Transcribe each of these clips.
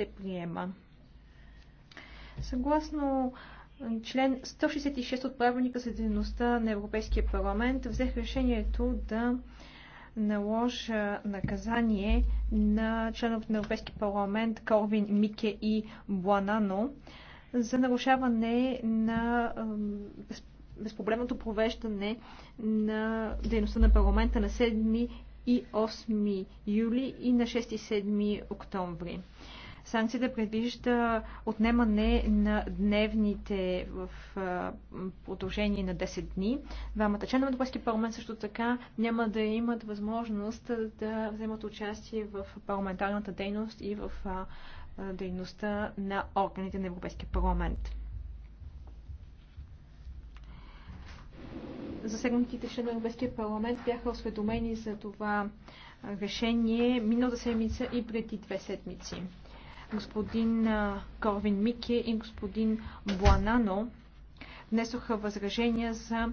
се приема. Съгласно член 166 от правилника за дейността на Европейския парламент, взех решението да наложа наказание на членове на Европейския парламент Корвин Мике и Буанано за нарушаване на безпроблемното провеждане на дейността на парламента на 7 и 8 юли и на 6 и 7 октомври. Санкцията предвижда отнемане на дневните в продължение на 10 дни. Двамата членове на Европейския парламент също така няма да имат възможност да вземат участие в парламентарната дейност и в дейността на органите на Европейския парламент. засегнатите членове на Европейския парламент бяха осведомени за това решение миналата седмица и преди две седмици господин Корвин Мики и господин Буанано внесоха възражения за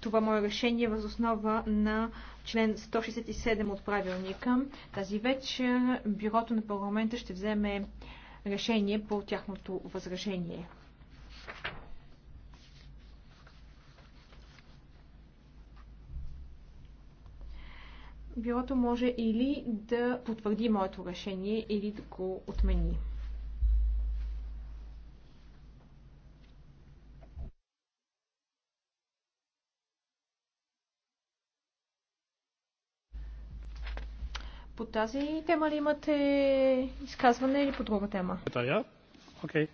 това мое решение въз основа на член 167 от правилника. Тази вечер бюрото на парламента ще вземе решение по тяхното възражение. бюрото може или да потвърди моето решение, или да го отмени. По тази тема ли имате изказване или по друга тема? Okay.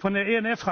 Von der ENF